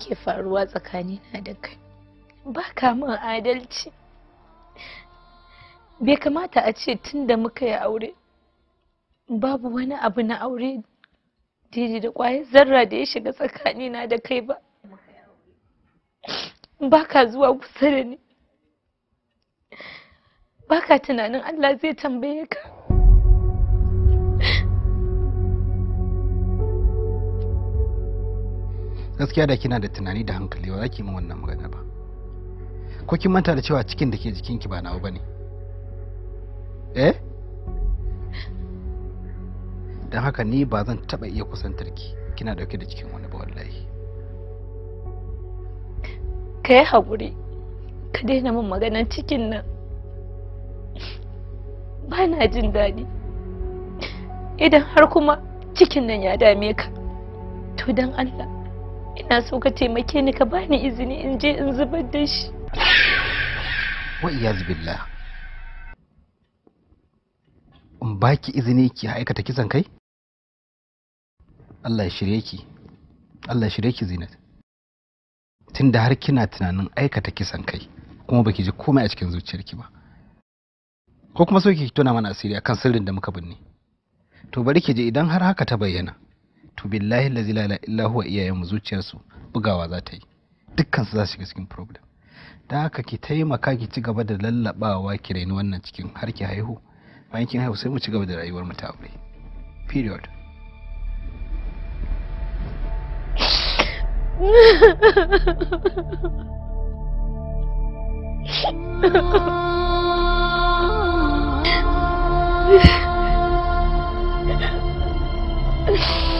yake faruwa tsakanina da kai ba ka min adalci bai kamata a ce tun da muka yi aure babu wani abu na aure daidai da kwayar zarra da ya shiga tsakanina da kai ba ba zuwa kusa da ni ba tunanin allah zai tambaye ka gaskiya da kina da tunani da hankali ba za ki min wannan magana ba ko kin manta da cewa cikin da ke jikinki ba nawa bane eh don haka ni ba zan taba iya kusantar ki kina dauke da cikin wani ba wallahi ka yi haƙuri ka daina min maganar cikin nan ba na jin daɗi idan har kuma cikin nan ya dame ka to don allah ina so ka taimake ni ka bani izini in je in zubar da shi wa iyaz billah in baki izini ki aikata kisan kai Allah ya shirye ki Allah ya shirye ki Zinat tunda har kina tunanin aikata kisan kai kuma baki ji komai a cikin zuciyarki ba ko kuma so ki tona mana asiri akan sirrin da muka binne to bari ki je idan har haka ta bayyana to billahi lazi la illa huwa iyayenmu zuciyarsu bugawa za ta yi dukkan su za su shiga cikin problem da haka ki taimaka ki ci gaba da lallabawa ki raini wannan cikin har ki haihu bayan kin haihu sai mu ci gaba da rayuwar mu ta aure period Yeah.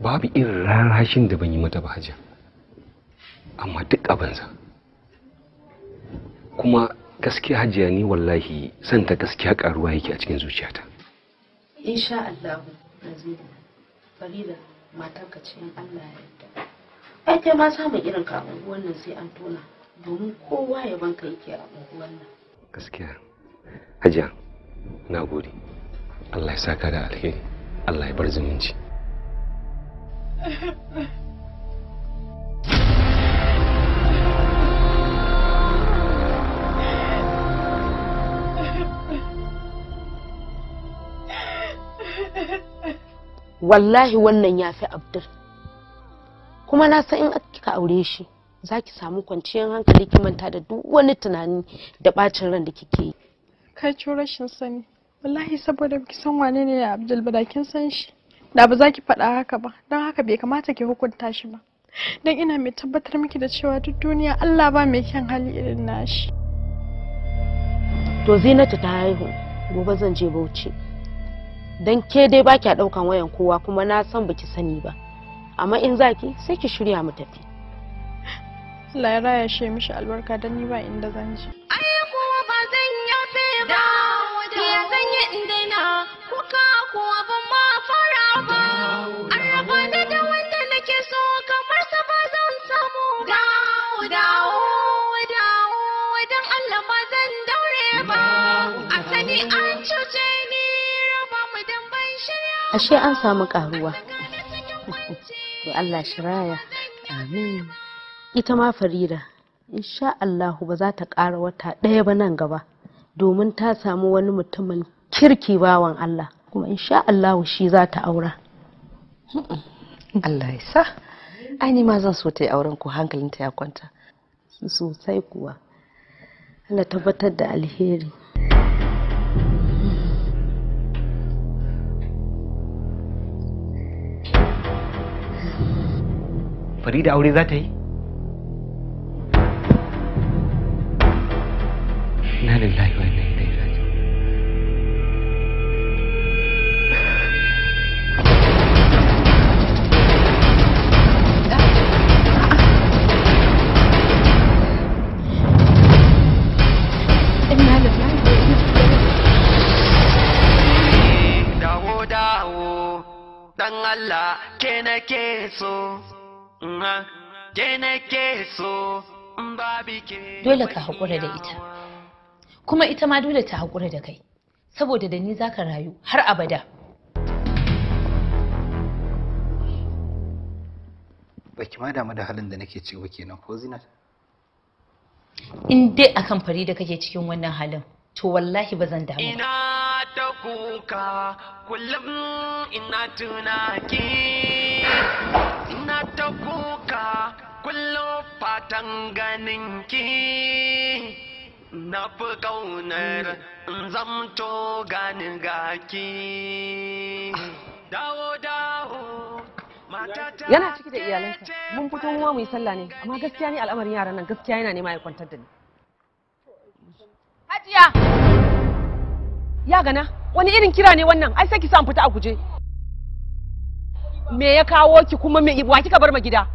babu irin rarashin da ban yi mata ba hajiya amma duk banza. kuma gaskiya hajiya ni wallahi san ta gaskiya karuwa yake a cikin zuciyata insha Allah azira farida matarka ce in Allah ya yarda ai kai ma samun irin ka unguwan nan sai an tona domin kowa ya banka yake a unguwan nan gaskiya hajiya na gode Allah ya saka da alheri Allah ya bar zumunci wallahi wannan ya fi abdul kuma na san in kika aure shi za ki samu kwanciyar hankali ki manta da duk wani tunani da bacin ran da kike yi kai rashin sani wallahi saboda ki san wane ne ya abdul ba da kin san shi da ba za ki faɗa haka ba don haka bai kamata ki hukunta shi ba don ina mai tabbatar miki da cewa duk duniya Allah ba mai kyan hali irin nashi to zinatu ta haihu gobe zan je bauchi don ke dai ba kya ɗaukan wayan kowa kuma na san baki sani ba amma in zaki sai ki shirya mu tafi Allah ya raya shi mishi albarka don ni ba inda zan je ashe an samu karuwa to Allah shi raya amin ita ma farida insha Allahu ba za ta ƙara wata ɗaya ba nan gaba domin ta samu wani mutumin kirki bawan Allah kuma insha Allahu shi za ta aura Allah ya sa ai ma zan so ta yi auren ku hankalinta ya kwanta sosai kuwa Allah tabbatar da alheri farida aure za ta yi na lillahi wa inna ilaihi raji'un Allah ke nake so Dole ka haƙura da ita, kuma ita ma dole ta haƙura da kai, saboda da ni za ka rayu har abada. Baki ma damu da halin da nake cewa kenan ko zinat? In dai akan fari da kake cikin wannan halin, to wallahi ba zan damu ba. kuka kullum ina tunaki ina ta kuka kullum fatan ganin ki na fi ƙaunar zamto ganin gaki dawo dawo yana ciki da iyalansa mun fito ruwa mu yi sallah ne amma gaskiya ne al'amarin yaran nan gaskiya yana nema ya kwantar da ni hajiya ya gana wani irin kira ne wannan ai sai ki sa fita a guje me ya kawo ki kuma me wa kika bar ma gida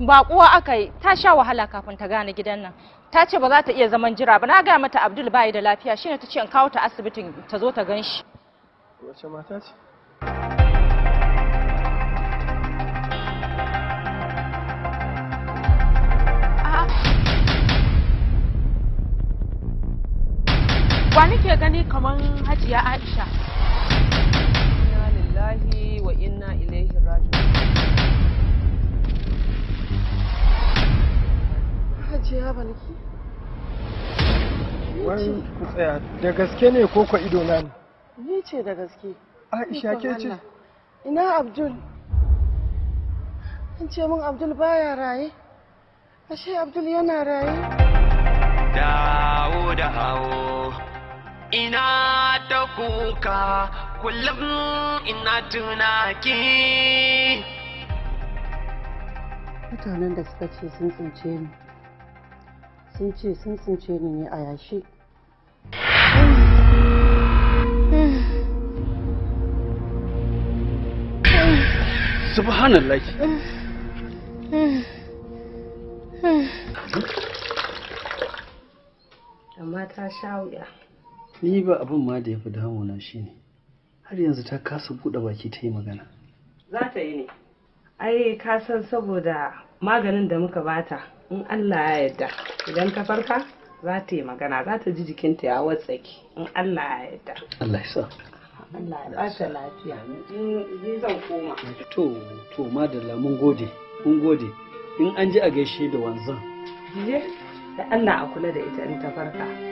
ba kuwa aka yi ta sha wahala kafin ta gane gidan nan ta ce ba za ta iya zaman jira ba na ga mata Abdul bai da lafiya shine ta ce in kawo ta asibitin ta zo ta gan shi wace mata ce wa nake gani kamar hajiya aisha inna lillahi wa inna ilaihi raji'un hajiya balki wai ku tsaya da gaske ne ko ko ido na ne ni ce da gaske aisha ke ce ina abdul an ce min abdul baya raye ashe abdul yana raye dawo da hawo ina ta kuka kullum ina tunaki mutanen da suka ce sun tsince ni sun ce sun tsince ni ne a yashi subhanallah amma ta sha wuya ni ba abin ma da ya fi damuna shi ne har yanzu ta kasa buɗe baki ta yi magana za ta yi ne ai ka san saboda maganin da muka bata in allah ya yarda idan ka farka za ta yi magana za ta ji jikinta ya watsake in allah ya yarda allah ya sa Allah ya bata lafiya ni zan koma to to madalla mun gode mun gode in an ji a gaishe da wanzan da Allah a kula da ita in ta farka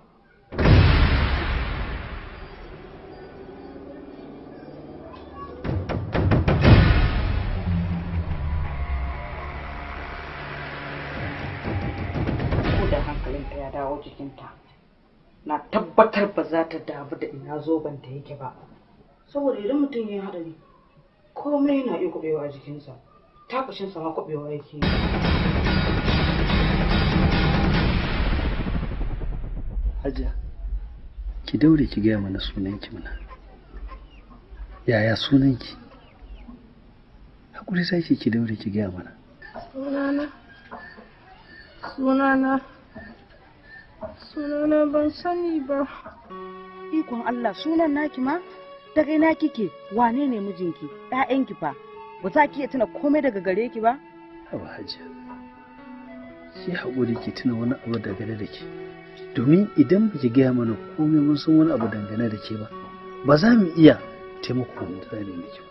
bakinta na tabbatar ba za ta damu da ina zoben ta yake ba saboda idan mutum ya haɗari komai yana iya kuɓewa a jikinsa takushinsa ma kuɓewa yake yi hajiya ki daure ki gaya mana sunanki mana yaya sunanki hakuri sai ki daure ki gaya mana sunana sunana Sunana ban sani ba. Ikon Allah sunan naki ma? Daga naki kike wane ne mijinki ‘ya'yanki fa ba za ki iya tuna komai daga gare ki ba? Hawa hajiya, shi haƙuri ki tuna wani abu dangane da ke. Domin idan ba ki gaya mana komai mun san wani abu dangane da ke ba, ba za mu iya taimako da za mu miki.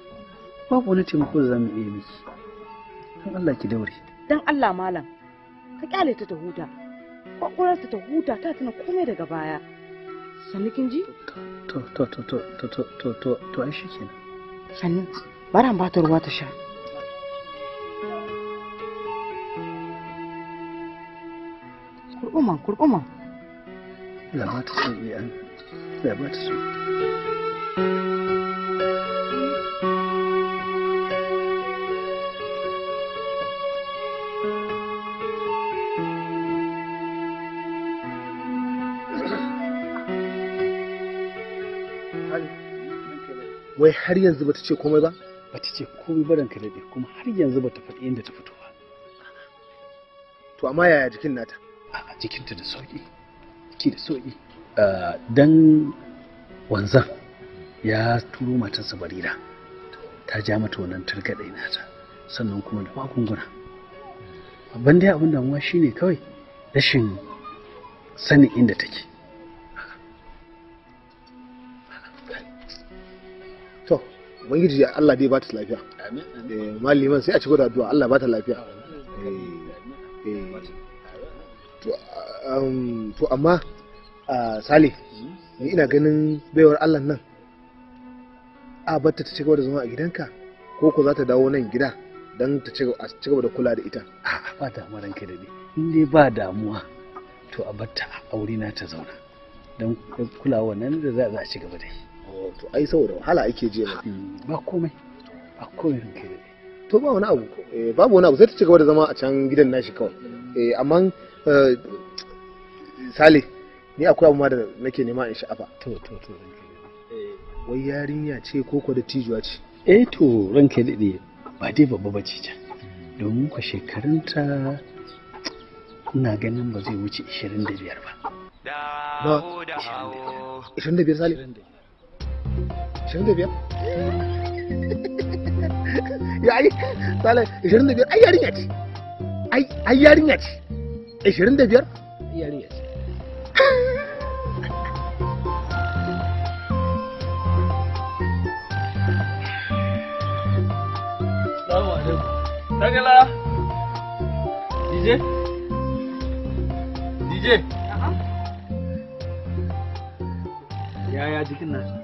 Ba wani taimako da za mu iya miki. Dan Allah ki daure. Dan Allah malam, ka kyale ta ta huta. kwakwalwarsa ta huta ta tana komai daga baya sannu kin ji to to to to to to to to to ai shikenan sannu bara ba ta ruwa ta sha kurkuma kurkuma da ba ta so iyan da ba ta so wai har yanzu bata ce komai ba bata ce komai baran ka dade kuma har yanzu bata faɗi inda ta fito ba to amma yaya jikin nata a jikinta da sauki ki da sauki dan wanzan ya turo matarsa barira ta ja mata wannan targaɗe nata sannan kuma da magunguna babban dai abin damuwa shine kawai rashin sanin inda take ubangiji Allah dai ba ta lafiya eh, maliman sai a cikin da addu'a Allah ba ta lafiya eh, eh. Um, to amma sale hmm? ni ina ganin baiwar Allah nan a batta ta cigaba da zama a gidanka ko ku za ta dawo nan gida don ta cigaba da kula da ita a ba damuwa ranka da in dai ba damuwa to a batta a aure na ta zauna don kulawa nan da za a ci gaba da yi to ai saboda wahala ake je hmm, ba komai ba komai koyar ke to ba wani abu eh, babu wani abu sai ta ci gaba da zama a can gidan nashi kawai eh, amma eh, sale ni akwai abu ma da nake nema in sha'afa to to to wai yarinya ce ko ko da tijuwa ce eh to ranke dade ba dai babba bace ta domin ku shekarunta ina ganin ba zai wuce 25 ba 25 sale ashirin da biyar ya ai sale ashirin da biyar ai yarinya ce ai yarinya ce ashirin da biyar yarinya ce Salamu alaikum. Dangala. DJ? DJ? Yaya jikin nasu?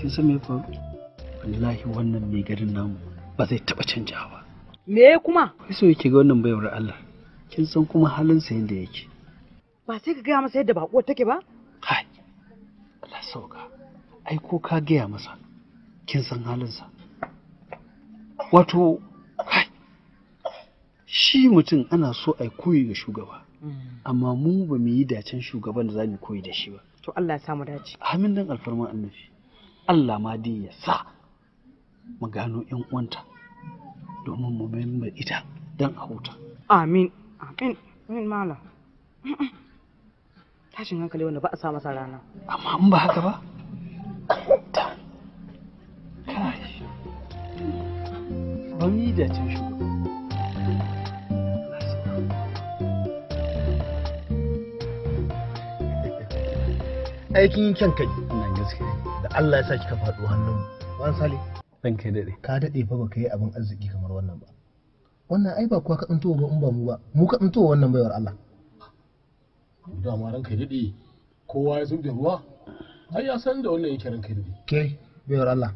kin san me faru wallahi wannan mai garin namu ba zai taba canjawa me kuma so yake ga wannan baiwar Allah kin san kuma halin sa yanda yake ba sai ka gaya masa yadda bakuwar take ba kai Allah sauka ai ko ka gaya masa kin san halin sa wato kai shi mutum ana so ai koyi ga shugaba hmm. amma mu ba mu yi dacen shugaban da za mu koyi da shi ba to Allah ya samu dace amin dan alfarma annabi Allah ma dai ya sa mu gano ƴan uwanta domin mu mai ita don a huta amin amin amin malam tashin hankali wanda ba a sa masa rana amma in ba haka ba kai ban yi da cin shi aikin kyan kai Allah ya sa kika faɗo hannunmu wan sale dan kai daɗe. ka dade fa baka yi abin arziki kamar wannan ba wannan ai ba kuwa ka tsinto ba in ba mu ba mu ka tsinto wannan baiwar Allah da ma kai daɗe kowa ya zubda ruwa ai ya san da wannan yake kai daɗe. ke baiwar Allah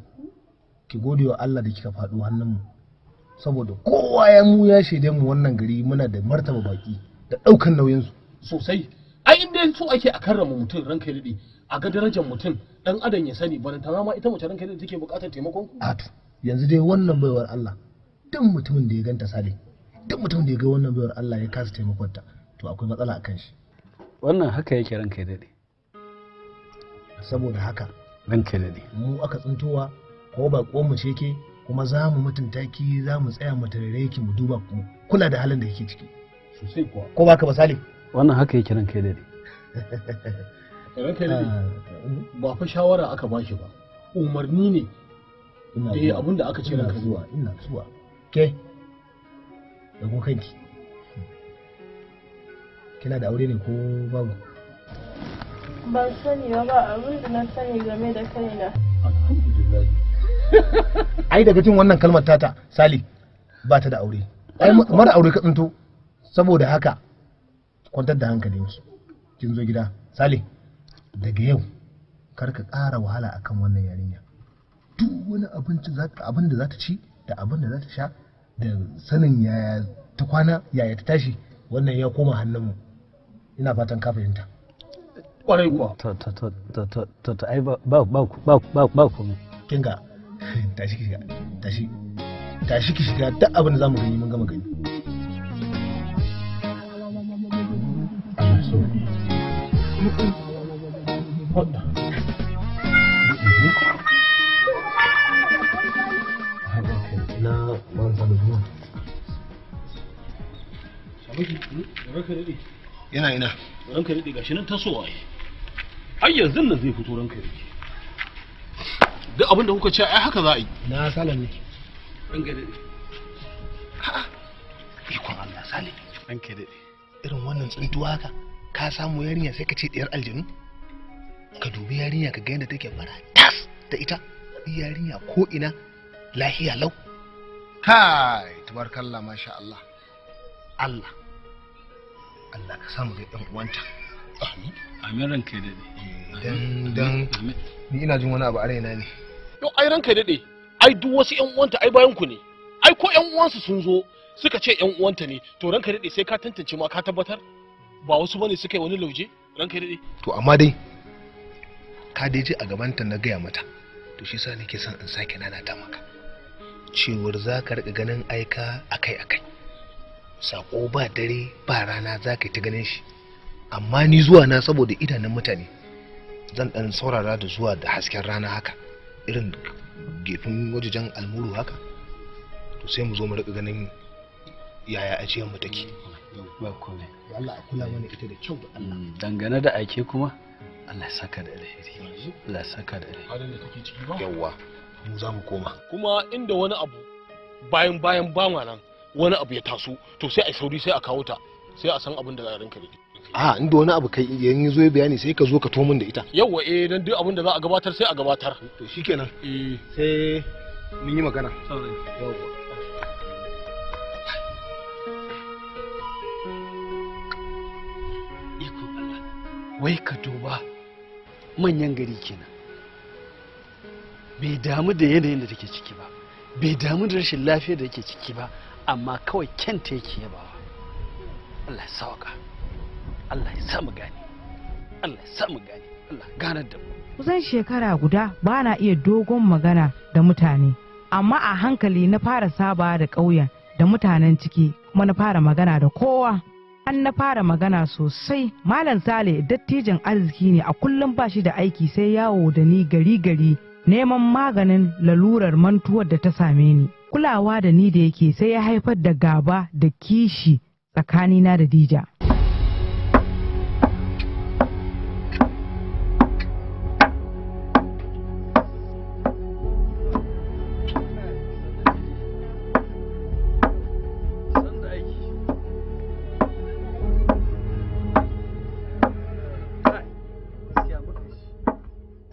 ki gode wa Allah da kika faɗo hannunmu saboda kowa ya mu ya shaide mu wannan gari muna da martaba baki da ɗaukan nauyinsu sosai ai inda so ake a karrama mutum kai daɗe a ga darajar mutum dan adam ya sani bana tana ma ita mace ranka da take bukatar taimakon ku to yanzu dai wannan baiwar Allah duk mutumin da ya ganta sale duk mutumin da ya ga wannan baiwar Allah ya kasa taimakon ta to akwai matsala akan shi wannan haka yake ranka ya dade saboda haka ranka ya dade mu aka tsintowa ko ba mu sheke, kuma za mu mutunta ki za mu tsaya mu tare yake mu duba ku kula da halin da yake ciki sosai kuwa ko baka ka ba sale wannan haka yake ranka ya dade ranka ah. ba fa shawara aka ba shi ba umarni ne da ya abin da aka ce ranka zuwa ina zuwa ke da kanki kina da aure ne ko babu ban sani ba ba abin da na sani game da kaina alhamdulillah ai daga jin wannan kalmar tata sali ba ta da aure ai mara aure ka tsinto saboda haka kwantar da hankalinki kin zo gida sali daga yau kar ka ƙara wahala akan wannan yarinya duk wani abinci abin da za ta ci da abin da za ta sha da sanin yaya ta kwana yaya ta tashi wannan ya koma hannunmu ina fatan ka fahimta kwarai kuwa ta ta ta ta ta ta ai ba ba ba ba ba kinga tashi ki shiga tashi tashi ki shiga duk abin da zamu gani mun gama gani Thank you. Hoɗɗa. Na Yana ina. Ranka gashi nan tasowa Ai yanzu nan zai fito ranka Duk abin da kuka ce ai haka za a yi. Na sala ne. Ranka daɗe. A'a. Ikon Allah sale. Ranka daɗe. Irin wannan tsintuwa ka, ka samu yarinya sai ka ce ɗiyar aljanu? ka dubi yarinya ka ga yadda take fara tas da ita yarinya ko ina lahiya lau kai tabarkalla masha Allah Allah Allah ka samu ga dan uwanta amin ranka ya daɗe dan ni ina jin wani abu a raina ne to ai ranka ya daɗe ai duk wasu ƴan uwanta ai bayan ku ne ai ko ƴan uwansu sun zo suka ce ƴan uwanta ne to ranka ya daɗe sai ka tantance ma ka tabbatar ba wasu bane suka yi wani lauje ranka ya daɗe to amma dai ka dai ji a gabanta na gaya mata to shi sa nake son in sake ta maka cewar za ka riƙa ganin aika akai akai sako ba dare ba rana za ka yi ta ganin shi amma ni zuwa na saboda idanun mutane zan ɗan saurara da zuwa da hasken rana haka irin gefen wajejen almuru haka to sai mu zo mu riƙa ganin yaya ajiyar mu take Allah a kula mana ita da kyau da Allah mm, dangane da ake kuma Allah saka da alheri Allah saka da alheri halin da kake ciki ba yawa mu za mu koma kuma inda wani abu bayan bayan ba nan wani abu ya taso to sai a sauri sai a kawo ta sai a san abin da za a rinka rike a inda wani abu kai yan zo bayani sai ka zo ka tomin da ita yawa eh dan duk abin da za a gabatar sai a gabatar to shikenan eh sai mun yi magana yawa wai ka duba manyan gari kenan bai damu da yanayin da take ciki ba bai damu da rashin lafiyar da yake ciki ba amma kawai kyanta yake yabawa Allah ya sauka Allah ya samu gane Allah ya samu gane Allah ganar da mu kusan shekara guda ba na iya dogon magana da mutane amma a hankali na fara saba da ƙauyen da mutanen ciki kuma na fara magana da kowa an na fara magana sosai malam sale dattijan arziki ne a kullum ba shi da aiki sai yawo da ni gari gari neman maganin lalurar mantuwar da ta same ni kulawa da ni da yake sai ya haifar da gaba da kishi tsakanina da dija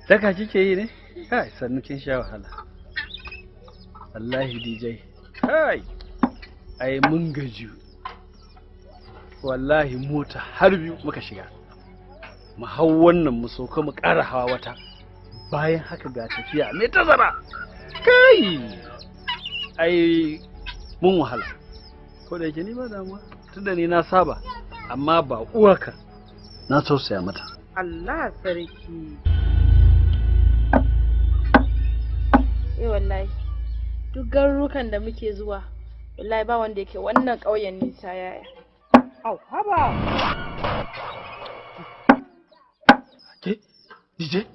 Daga kike yi ne? Kai, sannu kin sha wahala. Wallahi DJ. Kai. Ai mun gaji. Wallahi mota har biyu muka shiga. Mu hau wannan mu sauka mu ƙara hawa wata. Bayan haka ga tafiya mai tazara. Kai. Ai mun wahala. Ko da yake ni ba damuwa. Tunda ni na saba. Amma ba uwarka. Na tausaya mata. Allah sarki. eh wallahi duk garurukan da muke zuwa wallahi ba wanda yake wannan ƙauyen ta yaya au haba ke dije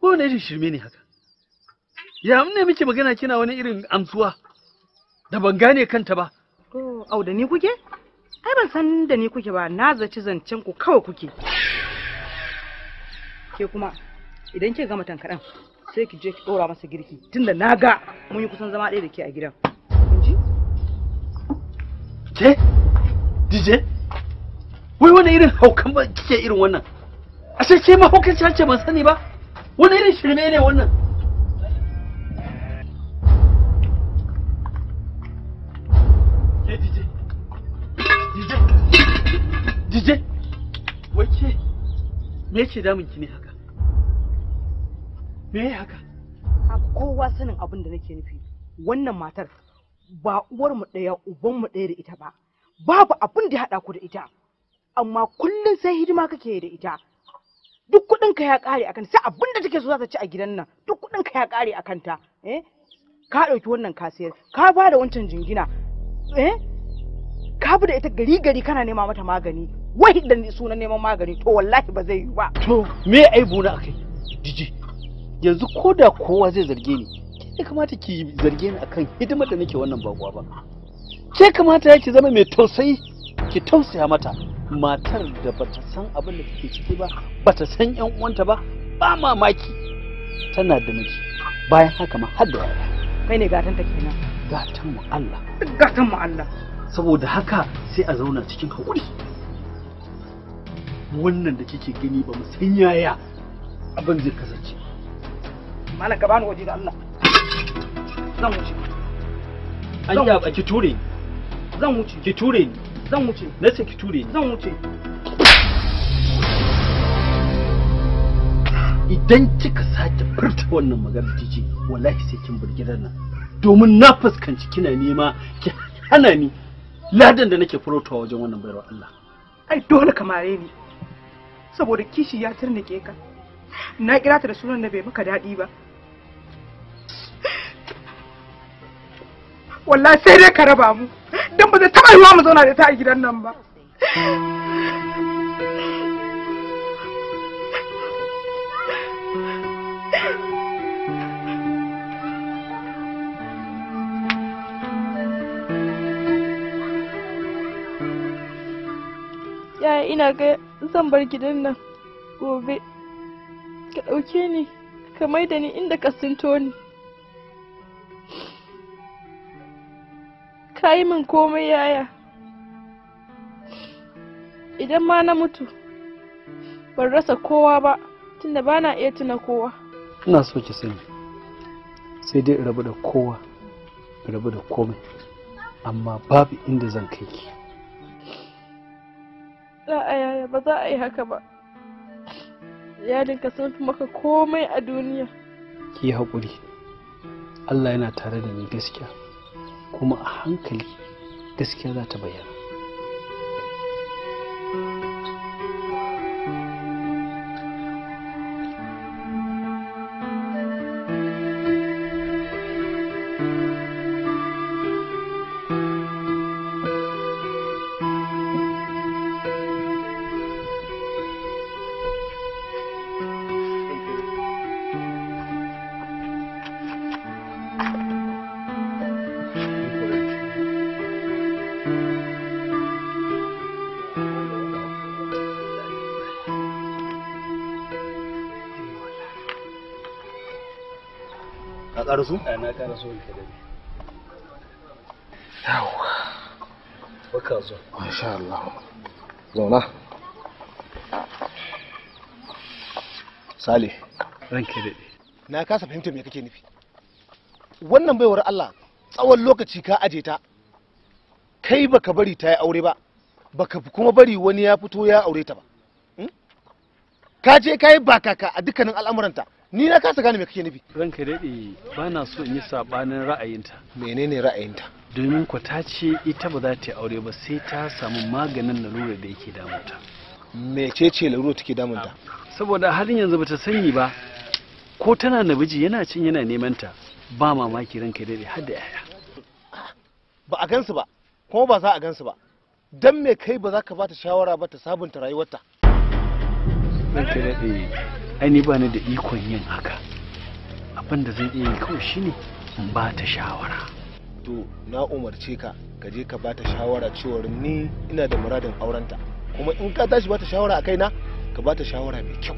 ko wani irin shirme ne haka ya ne muke magana kina wani irin amsuwa da ban gane kanta ba oh au da ni kuke ai ban san da ni kuke ba na zaci zancen ku kawai kuke ke kuma idan ke gama tankaɗan sai ki je ki dora masa girki tunda na ga mun yi kusan zama ɗaya da ke a gidan inji ke dj wai wani irin haukan ba kike irin wannan ashe ke ma haukan ce ban sani ba wani irin shirme ne wannan ke dj dj dj wai ke me ce damunki ne haka me haka a kowa sanin abin da nake nufi wannan matar ba uwar mu ɗaya uban mu ɗaya da ita ba babu abin da ya haɗa ku da ita amma kullum sai hidima kake da ita duk kuɗin ka ya ƙare akan sai abin da take so za ta ci a gidan nan duk kuɗin ka ya ƙare akan ta eh? ka ɗauki wannan kasiyar ka ba da wancan jingina eh ka bi da ita gari gari kana nema mata magani wai da sunan neman magani to wallahi ba zai yi ba to me ai buna akai jiji yanzu ko da kowa zai zarge ni ke kamata ki zarge ni akan hidimar da nake wannan bakuwa ba ke kamata ya ki zama mai tausayi ki tausaya mata matar da bata san abin da take ciki ba bata san yan uwanta ba ba mamaki tana da miji bayan haka ma har da yaya kai ne gatan ta kenan gatan mu Allah gatan mu Allah saboda haka sai a zauna cikin hakuri wannan da kike gani ba mu san yaya abin zai kasance malam ka bani waje da Allah zan wuce an yi a ki ture zan wuce ki ture ni zan wuce na ce ki ture ni zan wuce idan kika sake furta wannan magana tici wallahi sai kin burgirar nan domin na fuskanci kina nema ki hana ni ladan da nake furotawa wajen wannan bayarwa Allah ai dole ka mare ni saboda kishi ya tarnike ka na kira ta da sunan da bai maka daɗi ba walla sai dai ka raba mu don ba zai taɓa yiwa mu zauna da ta a gidan nan ba Yaya ina ga zan bar gidan nan gobe. Ka ɗauke ni, ka maida ni inda ka sinto ni. ka yi min komai yaya idan ma na mutu ban rasa kowa ba tunda ba na iya tuna kowa ina so ki sani sai dai rabu da kowa rabu da komai amma babu inda zan kai ki za a yaya ba za a yi haka ba iyalinka sun fi maka komai a duniya ki yi haƙuri Allah yana tare da ni gaskiya kuma a hankali gaskiya za ta bayyana karasu? Eh, na baka zo masha Allah zauna sale ranke daɗe na kasa fahimta me kake nufi wannan baiwar Allah tsawon lokaci ka aje ta kai baka bari ta yi aure ba baka kuma bari wani ya fito ya aure ta ba hmm? ka je ka yi kaka a dukkanin al'amuranta ni na kasa gane me kake nufi ranka dade ba na so in yi sabanin ra'ayinta menene ra'ayinta domin ku ta ce ita ba za ta yi aure ba sai ta samu maganin lura da yake damunta mecece lalurar take damunta saboda halin yanzu ba ta sani ba ko tana biji yana cin yana neman ta ba mamaki ranka daɗe har da yaya ba a gansu ba kuma ba za a gansu ba dan me kai ba za ka bata shawara ba ta sabunta rayuwarta ranka daɗe aini ba ni da ikon yin haka abin da zan iya yi kawai shine in ba ta shawara to na umarce ka ka je ka ba ta shawara cewar ni ina da muradin aurenta kuma in ka tashi ba ta shawara a kaina ka ba ta shawara mai kyau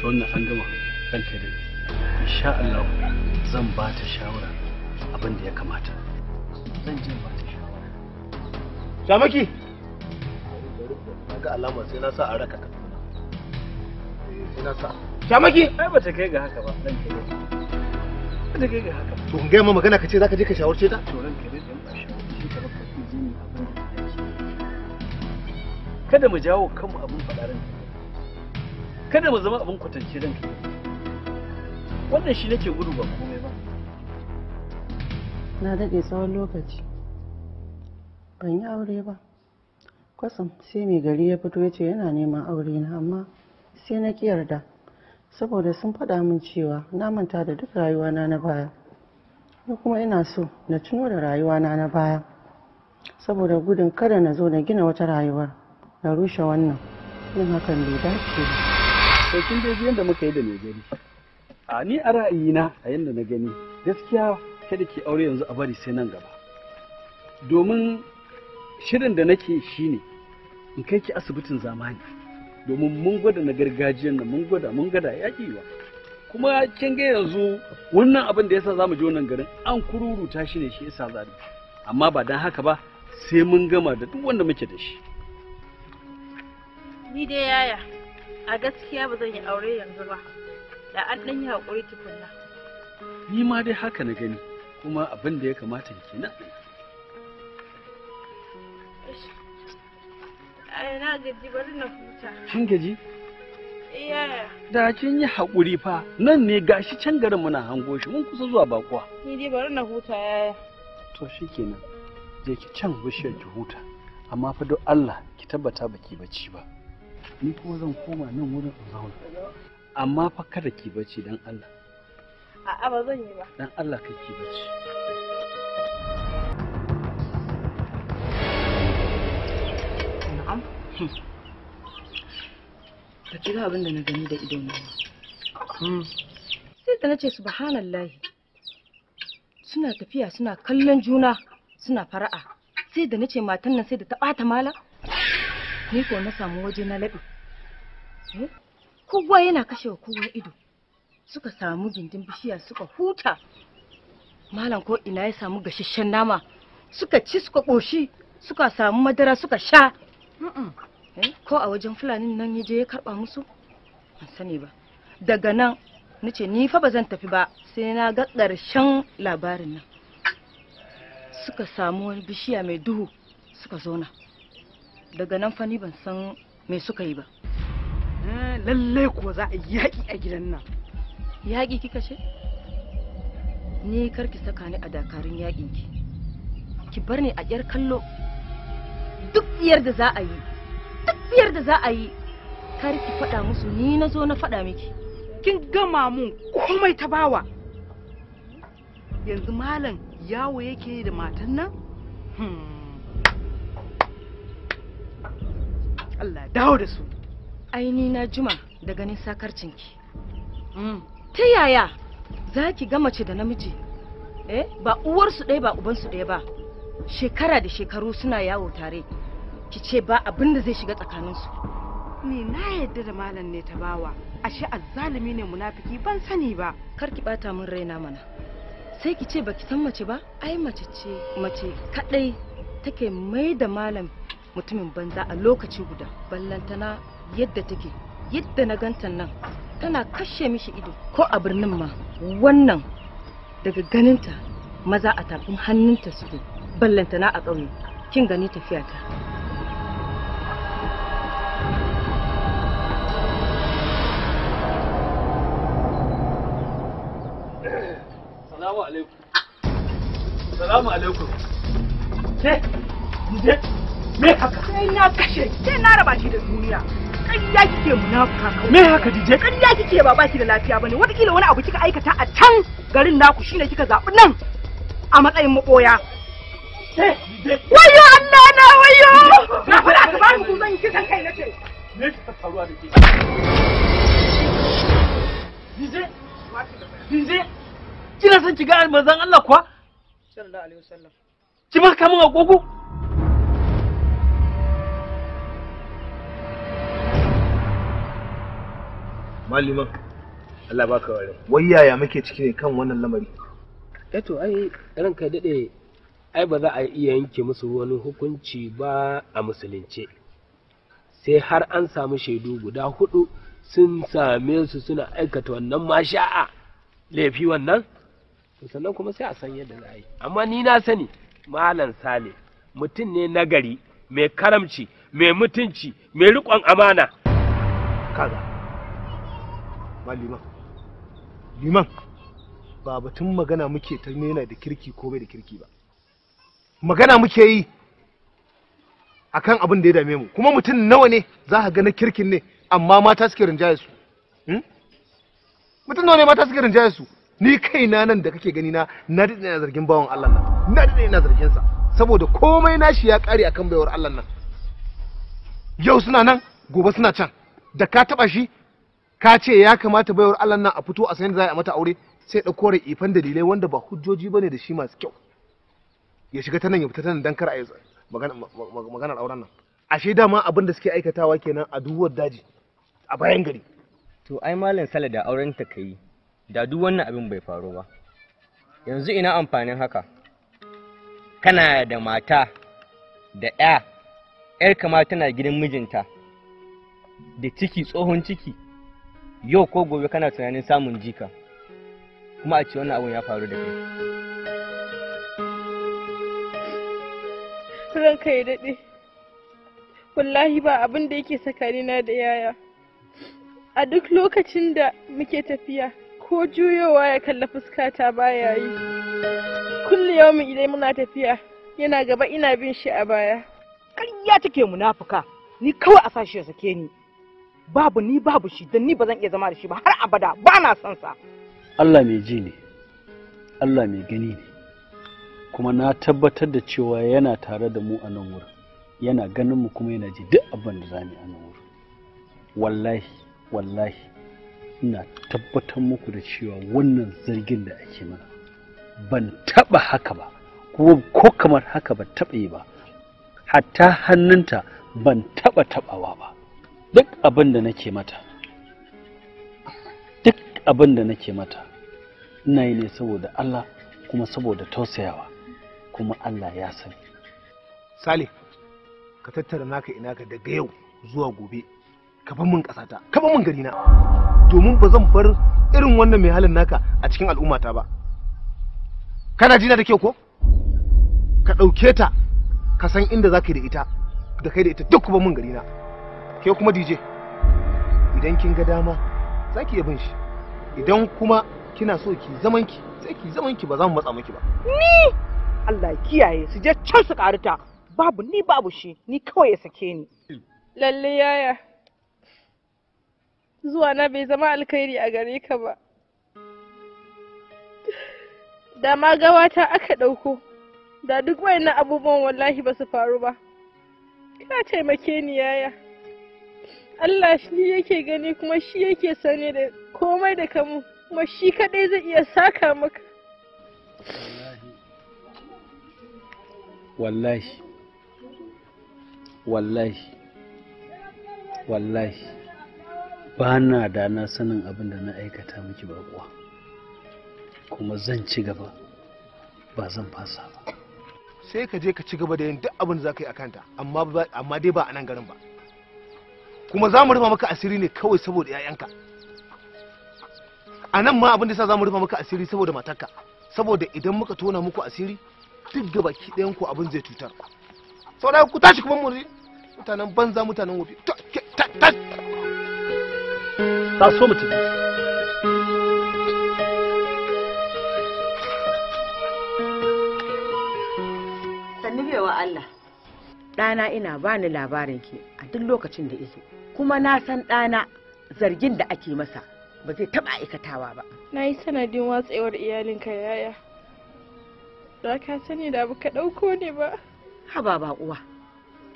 to wannan an gama ranka da insha Allah zan ba ta shawara abin da ya kamata zan je ba ta shawara Samaki ga alama sai na sa a raka ka Shamaki? Ai ba ta kai ga haka ba. Nan ke Ba ta kai ga haka. To ma magana ka ce za ka je ka shawarce ta? To ke Kada mu jawo kanmu abin faɗa Kada mu zama abin kwatance Wannan shi nake gudu ba komai ba. Na daɗe tsawon lokaci. Ban yi aure ba. Kwasam sai mai gari ya fito ya ce yana neman aure na amma sai na ki yarda saboda sun faɗa min cewa na manta da duk rayuwana na baya ni kuma ina so na tuno da rayuwana na baya saboda gudun kada na zo na gina wata rayuwar na rushe wannan yin hakan bai dace ba kin dai yadda muka yi da mai a ni a ra'ayina a yadda na gani gaskiya kada ke aure yanzu a bari sai nan gaba domin shirin da nake shine in kai ki asibitin zamani domin mun gwada na gargajiyan nan mun gwada mun gwada yaƙi wa kuma kin ga yanzu wannan abin da yasa zamu je wannan garin an kururuta shi ne shi yasa zamu amma ba dan haka ba sai mun gama da duk wanda muke da shi ni dai yaya a gaskiya ba zan yi aure yanzu ba da an dan yi hakuri tukunna ni ma dai haka na gani kuma abin da ya kamata kenan na gaji bari na huta. Kin gaji? Da kin yi haƙuri fa nan ne gashi can garin muna hango shi mun kusa zuwa bakuwa. Ni dai bari na huta yaya. To shikenan je ki can bishiyar ki huta amma fa don Allah ki tabbata baki bacci ba. Ni kuma zan koma nan wurin in zauna. Amma fa kada ki bacci dan Allah. A'a ba zan yi ba. Dan Allah kai ki bacci. Ba ki abin da na gani da idon ba. Hmm. Sai da na ce subhanallahi. Suna tafiya suna kallon juna suna fara'a. Sai da na ce matan nan sai da ta ɓata mala. Ni ko na samu waje na laɓe. Eh? Kowa yana kashewa kowa ido. Suka samu gindin bishiya suka huta. Malam ko ina ya samu gasasshen nama. Suka ci suka ƙoshi suka samu madara suka sha Eh, ko a wajen fulanin nan ya je ya karba musu ban sani ba daga nan na ce ni fa ba zan tafi ba sai na ga ƙarshen labarin nan suka samu wani bishiya mai duhu suka zauna daga nan fa ni ban san me suka yi ba eh, lallai kuwa za a yi yaƙi a gidan nan yaƙi kika ce ni ki saka ni a dakarun yaƙin ki ki bar ni a ƙyar kallo duk tsiyar da za a yi duk tsiyar da za a yi kar ki faɗa musu ni na zo na faɗa miki kin gama mun komai ta bawa yanzu malam yawo yake da matan nan hmm. Allah dawo da su aini na juma da ganin sakarcinki hmm. ta yaya za ki ga mace da namiji eh ba uwarsu ɗaya ba ubansu ɗaya ba shekara da shekaru suna yawo tare ki ce ba abin da zai shiga tsakaninsu ni na yadda da malam ne ta bawa ashe azzalumi ne munafiki ban sani ba kar ki bata min raina mana sai ki ce baki san mace ba ai mace ce mace kadai take mai da malam mutumin banza a lokaci guda ballantana yadda take yadda na ganta nan tana kashe mishi ido ko a birnin ma wannan daga ganinta maza a tafin hannunta suke ballantana a ƙauye kin gani tafiya ta Salamu alaikum. Salamu alaikum. Ke, je, me haka? Sai na kashe, sai na raba shi da duniya. Ƙarya kike munafuka. Me haka dije? Ƙarya kike ba baki da lafiya bane. Wataƙila wani abu kika aikata a can garin naku shine kika zaɓi nan a matsayin makoya. Wayo Allah na wayo! Na fara ka bani ku zan yi kisan kai na ce. Me ki ta faruwa da ke? Dije? Dije? Kina san ki ga manzon Allah kuwa? Sallallahu alaihi wasallam. Ki maka mun agogo? Maliman, Allah baka ware. Wai yaya muke ciki ne kan wannan lamari? Eto eh ai ranka daɗe ai ba za a iya yanke musu wani hukunci ba a musulunce sai har an samu shaidu guda hudu sun same su suna aikata wannan masha'a laifi wannan sannan kuma sai a san yadda za a yi amma ni na sani malam sale mutum ne nagari mai karamci mai mutunci mai riƙon amana kaga ba liman liman ba batun magana muke ta nuna da kirki ko bai da kirki ba magana muke yi akan abin da ya dame mu kuma mutum nawa ne za ka ga kirkin ne amma mata suke rinjaye su hmm? mutum nawa ne mata suke rinjaye su ni kaina nan da kake gani na na daɗe zargin bawan Allah nan na daɗe ina zargin sa saboda komai nashi ya kare akan baiwar Allah nan yau suna nan gobe suna can da ka taba shi ka ce ya kamata baiwar Allah nan a fito a sanin za a mata aure sai kore ifan dalilai wanda ba hujjoji bane da shi masu kyau ya shiga ta nan ya fita ta nan don kar a yi maganar auren nan ashe dama abin da suke aikatawa kenan a duwar daji a bayan gari to ai malam sala da auren ta kai da duk wannan abin bai faru ba yanzu ina amfanin haka kana da mata da ya yar kama tana gidan mijinta da ciki tsohon ciki yau ko gobe kana tunanin samun jika kuma a ce wannan abin ya faru da kai ranka ya daɗe wallahi ba abin da yake tsakanina da yaya a duk lokacin da muke tafiya ko juyowa ya kalla fuskata baya yi kulli yawmin idan muna tafiya yana gaba ina bin shi a baya ƙarya take munafuka ni kawai a sashi ya sake ni babu ni babu shi don ni ba zan iya zama da shi ba har abada ba na son sa Allah mai ji ne Allah mai gani ne kuma na tabbatar da cewa yana tare da mu a nan wurin yana ganin mu kuma yana ji duk abin da zamu a nan wurin wallahi wallahi ina tabbatar muku da cewa wannan zargin da ake mana ban taba haka ba kuma ko kamar haka ba taba yi ba hatta hannunta ban taba tabawa ba duk abin da nake mata duk abin da nake mata ina yi ne saboda Allah kuma saboda tausayawa kuma Allah ya sani Sale ka tattara naka ina ka daga yau zuwa gobe ka bar min kasata ka bar min garina domin ba zan bar irin wannan mai halin naka a cikin al'ummata ba kana jina da kyau ko ka ɗauke ta ka san inda za ka yi da ita da kai da ita duk kuma mun gari na ke kuma dj idan kin ga dama za ki iya bin shi idan kuma kina so ki zaman ki sai ki zaman ki ba za mu matsa miki ba ni Allah kiyaye su je can su karuta babu ni babu shi ni kawai ya sake ni lalle yaya zuwa na bai zama alkhairi a gare ka ba da ma gawata aka ɗauko da duk wayannan abubuwan wallahi ba su faru ba ka taimake ni yaya Allah shi yake gani kuma shi yake sani da komai da kamu kuma shi kadai zai iya saka maka wallahi wallahi wallahi ba na da na sanin abin da na aikata miki baƙuwa kuma zan ci gaba ba zan fasa ba sai ka je ka ci gaba da yin duk abin da za ka yi a kanta amma dai ba a nan garin ba kuma za mu rufa maka asiri ne kawai saboda 'ya'yanka a nan ma abin da sa za mu rufa maka asiri saboda matarka saboda idan muka tona muku asiri duk gaba baki ɗayan ku abin zai cutar saboda ku tashi kuma muri mutanen banza mutanen wofi ta so mutum sannu wa Allah ɗana ina bani labarin ki a duk lokacin da iso kuma na san ɗana zargin da ake masa ba zai taɓa aikatawa ba na yi sanadin watsewar iyalinka yaya da ka sani da baka ɗauko ne ba haba ba uwa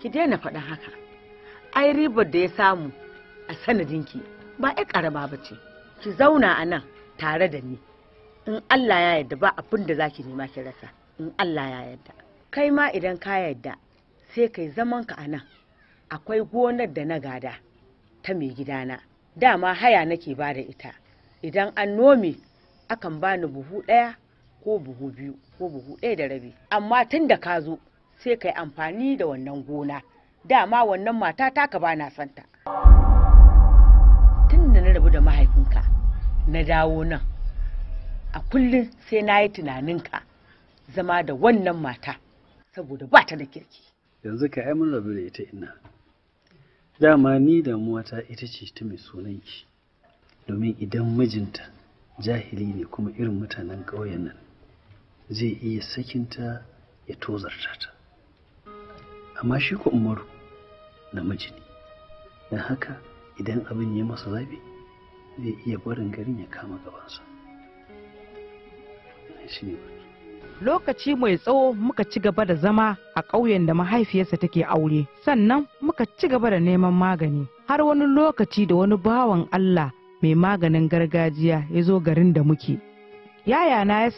ki daina faɗin haka ai ribar da ya samu a sanadinki ba ya ƙarama ba ce ki zauna a nan tare da ni in allah ya yarda ba abin da za ki nema ki rasa in allah ya yarda kai ma idan ka yarda sai kai zamanka a nan akwai gonar da na gada ta mai gidana dama haya nake ba da ita idan an nome akan bani buhu ɗaya ko buhu biyu ko buhu ɗaya da rabi amma tun da ka zo sai ka yi amfani da wannan gona dama wannan mata ta ka bana santa tun da na rabu da mahaifinka na dawo nan a kullum sai na yi tunaninka zama da wannan mata saboda ba ta da kirki yanzu ka yi mun rabu da ita ina dama ni da mata ita ce ta mai sunanki domin idan mijinta jahili ne kuma irin mutanen ƙauyen nan zai iya sakinta ya tozarta ta amma shi ko umaru namiji ne don haka idan abin ya masa zafi zai iya barin garin ya kama gabansa lokaci mai tsawo muka ci gaba da zama a ƙauyen da mahaifiyarsa take aure sannan muka ci gaba da neman magani har wani lokaci da wani bawan allah mai maganin gargajiya ya zo garin da muke yayana ya